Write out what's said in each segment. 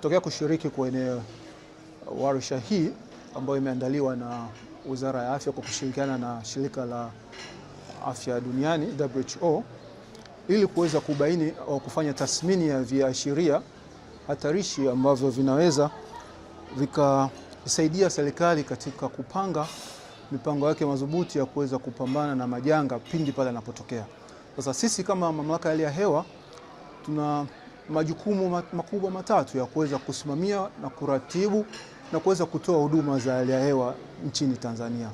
tokea kushiriki kwenye warsha hii ambayo imeandaliwa na Wizara ya Afya kwa kushirikiana na shirika la afya duniani WHO ili kuweza kubaini au kufanya tathmini ya viashiria hatarishi ambavyo vinaweza vikasaidia serikali katika kupanga mipango yake madhubuti ya kuweza kupambana na majanga pindi pale yanapotokea. Sasa sisi kama mamlaka ya hali ya hewa tuna majukumu makubwa matatu ya kuweza kusimamia na kuratibu na kuweza kutoa huduma za hali ya hewa nchini Tanzania.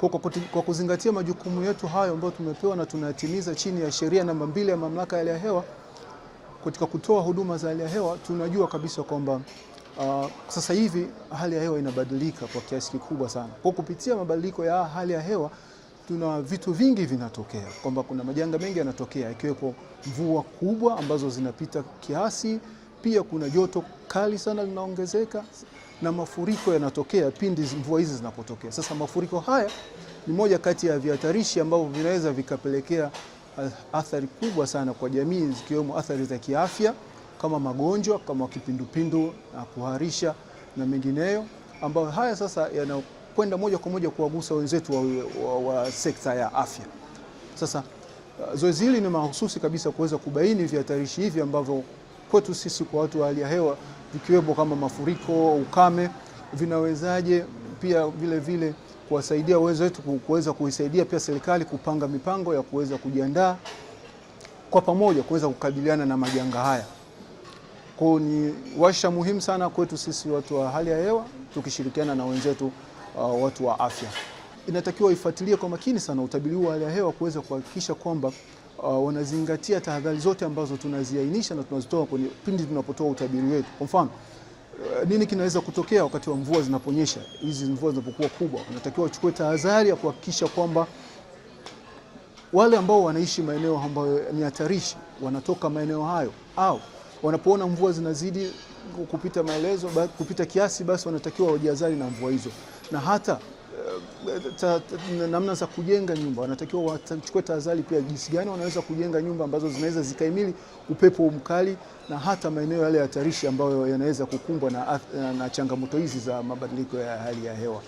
Kwa, kwa kuzingatia majukumu yetu hayo ambayo tumepewa na tunayatimiza chini ya sheria namba mbili ya mamlaka ya hali ya hewa katika kutoa huduma za hali ya hewa, tunajua kabisa kwamba uh, sasa hivi hali ya hewa inabadilika kwa kiasi kikubwa sana. Kwa kupitia mabadiliko ya hali ya hewa tuna vitu vingi vinatokea, kwamba kuna majanga mengi yanatokea, ikiwepo mvua kubwa ambazo zinapita kiasi. Pia kuna joto kali sana linaongezeka na mafuriko yanatokea pindi mvua hizi zinapotokea. Sasa mafuriko haya ni moja kati ya vihatarishi ambavyo vinaweza vikapelekea uh, athari kubwa sana kwa jamii, zikiwemo athari za kiafya kama magonjwa kama kipindupindu na kuharisha na mengineyo, ambayo haya sasa yana kwenda moja kwa moja kuwagusa wenzetu wa, wa, wa sekta ya afya. Sasa uh, zoezi hili ni mahususi kabisa kuweza kubaini vihatarishi hivi ambavyo kwetu sisi kwa watu wa hali ya hewa vikiwepo kama mafuriko, ukame, vinawezaje pia vile vile kuwasaidia wenzetu kuweza kuisaidia pia serikali kupanga mipango ya kuweza kujiandaa kwa pamoja kuweza kukabiliana na majanga haya. Kwa ni washa muhimu sana kwetu sisi watu wa hali ya hewa tukishirikiana na wenzetu uh, watu wa afya. Inatakiwa ifuatilie kwa makini sana utabiri wa hali ya hewa kuweza kuhakikisha kwamba uh, wanazingatia tahadhari zote ambazo tunaziainisha na tunazitoa kwenye pindi tunapotoa utabiri wetu. Kwa mfano uh, nini kinaweza kutokea wakati wa mvua zinaponyesha, hizi mvua zinapokuwa kubwa, unatakiwa uchukue tahadhari ya kuhakikisha kwamba wale ambao wanaishi maeneo ambayo ni hatarishi wanatoka maeneo hayo, au wanapoona mvua zinazidi kupita maelezo kupita kiasi, basi wanatakiwa wajihadhari na mvua hizo na hata ta, ta, namna za kujenga nyumba wanatakiwa wachukue tahadhari pia, jinsi gani wanaweza kujenga nyumba ambazo zinaweza zikaimili upepo mkali na hata maeneo yale hatarishi ambayo yanaweza kukumbwa na, na changamoto hizi za mabadiliko ya hali ya hewa.